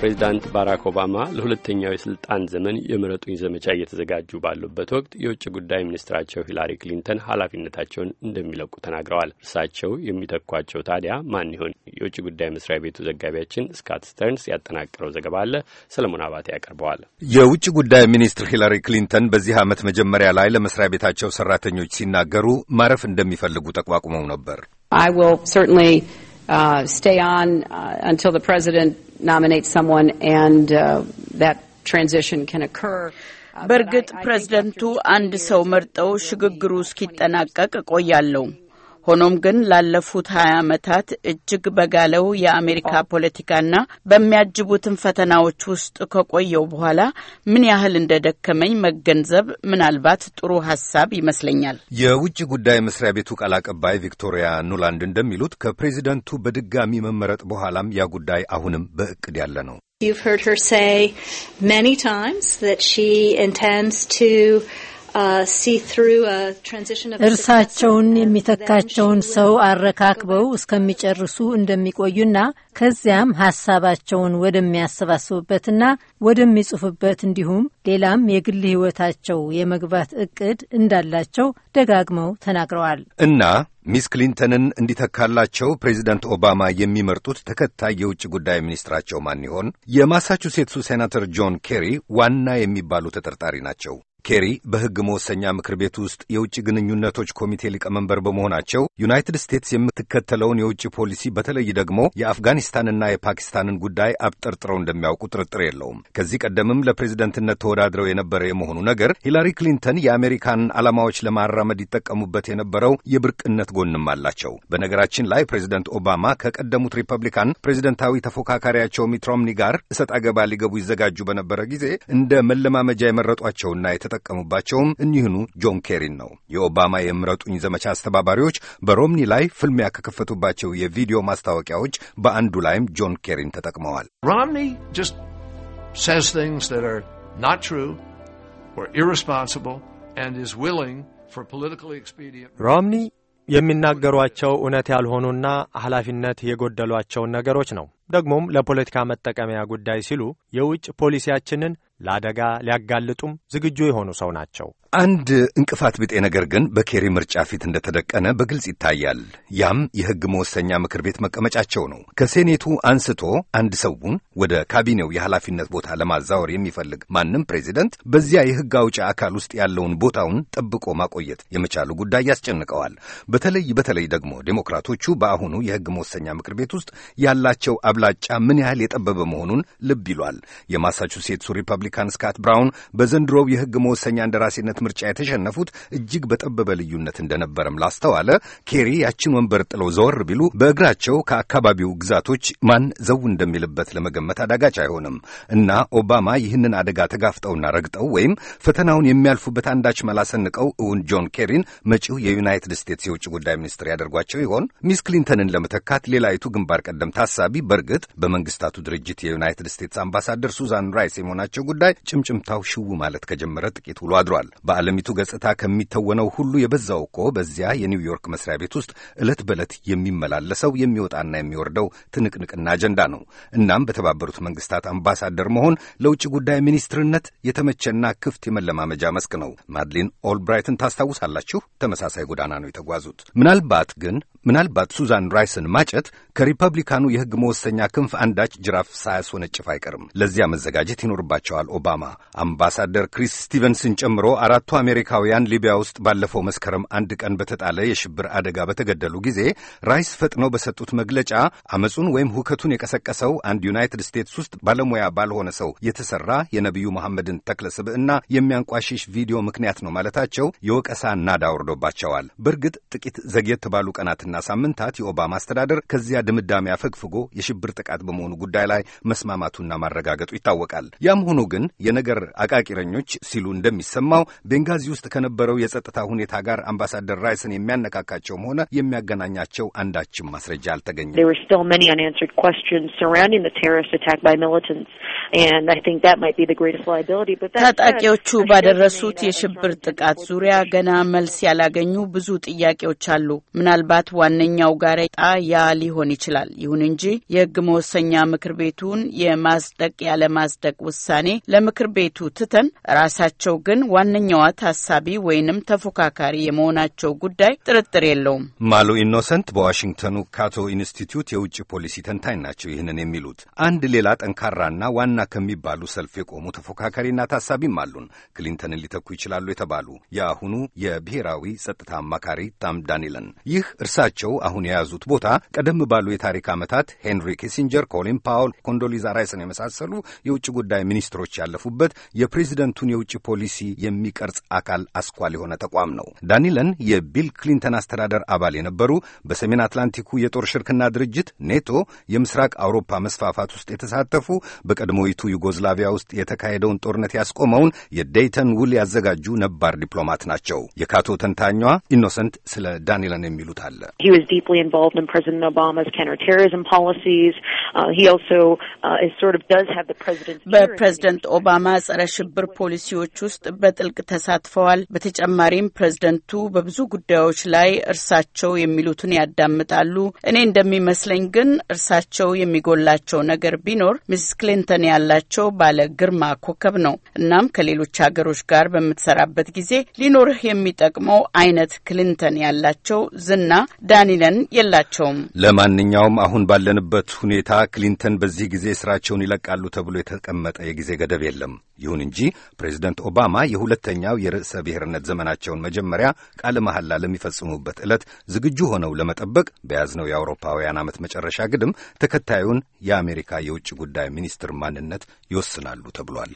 ፕሬዚዳንት ባራክ ኦባማ ለሁለተኛው የስልጣን ዘመን የምረጡኝ ዘመቻ እየተዘጋጁ ባሉበት ወቅት የውጭ ጉዳይ ሚኒስትራቸው ሂላሪ ክሊንተን ኃላፊነታቸውን እንደሚለቁ ተናግረዋል። እርሳቸው የሚተኳቸው ታዲያ ማን ይሆን? የውጭ ጉዳይ መስሪያ ቤቱ ዘጋቢያችን ስካት ስተርንስ ያጠናቀረው ዘገባ አለ። ሰለሞን አባቴ ያቀርበዋል። የውጭ ጉዳይ ሚኒስትር ሂላሪ ክሊንተን በዚህ ዓመት መጀመሪያ ላይ ለመስሪያ ቤታቸው ሰራተኞች ሲናገሩ ማረፍ እንደሚፈልጉ ጠቋቁመው ነበር። uh, stay on uh, until the president nominates someone and uh, that transition can occur. Uh, በእርግጥ ፕሬዝደንቱ አንድ ሰው መርጠው ሽግግሩ እስኪጠናቀቅ እቆያለሁ። ሆኖም ግን ላለፉት ሀያ ዓመታት እጅግ በጋለው የአሜሪካ ፖለቲካና በሚያጅቡትን ፈተናዎች ውስጥ ከቆየው በኋላ ምን ያህል እንደደከመኝ መገንዘብ ምናልባት ጥሩ ሀሳብ ይመስለኛል። የውጭ ጉዳይ መስሪያ ቤቱ ቃል አቀባይ ቪክቶሪያ ኑላንድ እንደሚሉት ከፕሬዚደንቱ በድጋሚ መመረጥ በኋላም ያ ጉዳይ አሁንም በእቅድ ያለ ነው። You've heard her say many times that she intends to Uh, እርሳቸውን የሚተካቸውን ሰው አረካክበው እስከሚጨርሱ እንደሚቆዩና ከዚያም ሀሳባቸውን ወደሚያሰባስቡበትና ወደሚጽፉበት እንዲሁም ሌላም የግል ሕይወታቸው የመግባት እቅድ እንዳላቸው ደጋግመው ተናግረዋል እና ሚስ ክሊንተንን እንዲተካላቸው ፕሬዚደንት ኦባማ የሚመርጡት ተከታይ የውጭ ጉዳይ ሚኒስትራቸው ማን ይሆን? የማሳቹሴትሱ ሴናተር ጆን ኬሪ ዋና የሚባሉ ተጠርጣሪ ናቸው። ኬሪ በሕግ መወሰኛ ምክር ቤት ውስጥ የውጭ ግንኙነቶች ኮሚቴ ሊቀመንበር በመሆናቸው ዩናይትድ ስቴትስ የምትከተለውን የውጭ ፖሊሲ በተለይ ደግሞ የአፍጋኒስታንና የፓኪስታንን ጉዳይ አብጠርጥረው እንደሚያውቁ ጥርጥር የለውም። ከዚህ ቀደምም ለፕሬዝደንትነት ተወዳድረው የነበረ የመሆኑ ነገር ሂላሪ ክሊንተን የአሜሪካን ዓላማዎች ለማራመድ ይጠቀሙበት የነበረው የብርቅነት ጎንም አላቸው። በነገራችን ላይ ፕሬዝደንት ኦባማ ከቀደሙት ሪፐብሊካን ፕሬዝደንታዊ ተፎካካሪያቸው ሚት ሮምኒ ጋር እሰጥ አገባ ሊገቡ ይዘጋጁ በነበረ ጊዜ እንደ መለማመጃ የመረጧቸውና የተጠቀሙባቸውም እኒህኑ ጆን ኬሪን ነው። የኦባማ የምረጡኝ ዘመቻ አስተባባሪዎች በሮምኒ ላይ ፍልሚያ ከከፈቱባቸው የቪዲዮ ማስታወቂያዎች በአንዱ ላይም ጆን ኬሪን ተጠቅመዋል። ሮምኒ የሚናገሯቸው እውነት ያልሆኑና ኃላፊነት የጎደሏቸውን ነገሮች ነው። ደግሞም ለፖለቲካ መጠቀሚያ ጉዳይ ሲሉ የውጭ ፖሊሲያችንን ለአደጋ ሊያጋልጡም ዝግጁ የሆኑ ሰው ናቸው። አንድ እንቅፋት ብጤ ነገር ግን በኬሪ ምርጫ ፊት እንደተደቀነ በግልጽ ይታያል። ያም የሕግ መወሰኛ ምክር ቤት መቀመጫቸው ነው። ከሴኔቱ አንስቶ አንድ ሰውን ወደ ካቢኔው የኃላፊነት ቦታ ለማዛወር የሚፈልግ ማንም ፕሬዚደንት በዚያ የሕግ አውጪ አካል ውስጥ ያለውን ቦታውን ጠብቆ ማቆየት የመቻሉ ጉዳይ ያስጨንቀዋል። በተለይ በተለይ ደግሞ ዴሞክራቶቹ በአሁኑ የሕግ መወሰኛ ምክር ቤት ውስጥ ያላቸው አብላጫ ምን ያህል የጠበበ መሆኑን ልብ ይሏል። የማሳቹሴትሱ ሪፐብሊክ ሪፐብሊካን ስካት ብራውን በዘንድሮው የሕግ መወሰኛ እንደራሴነት ምርጫ የተሸነፉት እጅግ በጠበበ ልዩነት እንደነበረም ላስተዋለ ኬሪ ያችን ወንበር ጥለው ዘወር ቢሉ በእግራቸው ከአካባቢው ግዛቶች ማን ዘው እንደሚልበት ለመገመት አዳጋች አይሆንም እና ኦባማ ይህንን አደጋ ተጋፍጠውና ረግጠው ወይም ፈተናውን የሚያልፉበት አንዳች መላ ሰንቀው እውን ጆን ኬሪን መጪው የዩናይትድ ስቴትስ የውጭ ጉዳይ ሚኒስትር ያደርጓቸው ይሆን? ሚስ ክሊንተንን ለመተካት ሌላይቱ ግንባር ቀደም ታሳቢ በእርግጥ በመንግስታቱ ድርጅት የዩናይትድ ስቴትስ አምባሳደር ሱዛን ራይስ የመሆናቸው ጉዳይ ጉዳይ ጭምጭምታው ሽው ማለት ከጀመረ ጥቂት ውሎ አድሯል። በዓለሚቱ ገጽታ ከሚተወነው ሁሉ የበዛው እኮ በዚያ የኒውዮርክ መስሪያ ቤት ውስጥ ዕለት በዕለት የሚመላለሰው የሚወጣና የሚወርደው ትንቅንቅና አጀንዳ ነው። እናም በተባበሩት መንግስታት አምባሳደር መሆን ለውጭ ጉዳይ ሚኒስትርነት የተመቸና ክፍት የመለማመጃ መስክ ነው። ማድሊን ኦልብራይትን ታስታውሳላችሁ። ተመሳሳይ ጎዳና ነው የተጓዙት። ምናልባት ግን ምናልባት ሱዛን ራይስን ማጨት ከሪፐብሊካኑ የህግ መወሰኛ ክንፍ አንዳች ጅራፍ ሳያስወነጭፍ አይቀርም። ለዚያ መዘጋጀት ይኖርባቸዋል። ኦባማ አምባሳደር ክሪስ ስቲቨንስን ጨምሮ አራቱ አሜሪካውያን ሊቢያ ውስጥ ባለፈው መስከረም አንድ ቀን በተጣለ የሽብር አደጋ በተገደሉ ጊዜ ራይስ ፈጥነው በሰጡት መግለጫ አመጹን ወይም ሁከቱን የቀሰቀሰው አንድ ዩናይትድ ስቴትስ ውስጥ ባለሙያ ባልሆነ ሰው የተሰራ የነቢዩ መሐመድን ተክለ ስብዕና የሚያንቋሽሽ ቪዲዮ ምክንያት ነው ማለታቸው የወቀሳ ናዳ ወርዶባቸዋል። በእርግጥ ጥቂት ዘግየት ባሉ ቀናትና ሳምንታት የኦባማ አስተዳደር ከዚያ ድምዳሜ አፈግፍጎ የሽብር ጥቃት በመሆኑ ጉዳይ ላይ መስማማቱና ማረጋገጡ ይታወቃል። ያም ሆኖ ግን ግን የነገር አቃቂረኞች ሲሉ እንደሚሰማው ቤንጋዚ ውስጥ ከነበረው የጸጥታ ሁኔታ ጋር አምባሳደር ራይስን የሚያነካካቸውም ሆነ የሚያገናኛቸው አንዳችም ማስረጃ አልተገኘም። ታጣቂዎቹ ባደረሱት የሽብር ጥቃት ዙሪያ ገና መልስ ያላገኙ ብዙ ጥያቄዎች አሉ። ምናልባት ዋነኛው ጋሬጣ ያ ሊሆን ይችላል። ይሁን እንጂ የህግ መወሰኛ ምክር ቤቱን የማጽደቅ ያለማጽደቅ ውሳኔ ለምክር ቤቱ ትተን ራሳቸው ግን ዋነኛዋ ታሳቢ ወይንም ተፎካካሪ የመሆናቸው ጉዳይ ጥርጥር የለውም። ማሉ ኢኖሰንት በዋሽንግተኑ ካቶ ኢንስቲትዩት የውጭ ፖሊሲ ተንታኝ ናቸው። ይህንን የሚሉት አንድ ሌላ ጠንካራና ዋና ከሚባሉ ሰልፍ የቆሙ ተፎካካሪና ታሳቢም አሉን ክሊንተንን ሊተኩ ይችላሉ የተባሉ የአሁኑ የብሔራዊ ጸጥታ አማካሪ ታም ዳኒለን። ይህ እርሳቸው አሁን የያዙት ቦታ ቀደም ባሉ የታሪክ ዓመታት ሄንሪ ኪሲንጀር፣ ኮሊን ፓውል፣ ኮንዶሊዛ ራይስን የመሳሰሉ የውጭ ጉዳይ ሚኒስትሮች ኃላፊዎች ያለፉበት የፕሬዚደንቱን የውጭ ፖሊሲ የሚቀርጽ አካል አስኳል የሆነ ተቋም ነው። ዳኒለን የቢል ክሊንተን አስተዳደር አባል የነበሩ በሰሜን አትላንቲኩ የጦር ሽርክና ድርጅት ኔቶ የምስራቅ አውሮፓ መስፋፋት ውስጥ የተሳተፉ በቀድሞይቱ ዩጎዝላቪያ ውስጥ የተካሄደውን ጦርነት ያስቆመውን የዴይተን ውል ያዘጋጁ ነባር ዲፕሎማት ናቸው። የካቶ ተንታኟ ኢኖሰንት ስለ ዳኒለን የሚሉት አለ። uh, uh, በፕሬዝደንት ፕሬዚደንት ኦባማ ጸረ ሽብር ፖሊሲዎች ውስጥ በጥልቅ ተሳትፈዋል። በተጨማሪም ፕሬዝደንቱ በብዙ ጉዳዮች ላይ እርሳቸው የሚሉትን ያዳምጣሉ። እኔ እንደሚመስለኝ ግን እርሳቸው የሚጎላቸው ነገር ቢኖር ሚስስ ክሊንተን ያላቸው ባለ ግርማ ኮከብ ነው። እናም ከሌሎች ሀገሮች ጋር በምትሰራበት ጊዜ ሊኖርህ የሚጠቅመው አይነት ክሊንተን ያላቸው ዝና ዳኒለን የላቸውም። ለማንኛውም አሁን ባለንበት ሁኔታ ክሊንተን በዚህ ጊዜ ስራቸውን ይለቃሉ ተብሎ የተቀመጠ የጊዜ ገደብ የለም። ይሁን እንጂ ፕሬዚደንት ኦባማ የሁለተኛው የርዕሰ ብሔርነት ዘመናቸውን መጀመሪያ ቃለ መሐላ ለሚፈጽሙበት ዕለት ዝግጁ ሆነው ለመጠበቅ በያዝነው የአውሮፓውያን ዓመት መጨረሻ ግድም ተከታዩን የአሜሪካ የውጭ ጉዳይ ሚኒስትር ማንነት ይወስናሉ ተብሏል።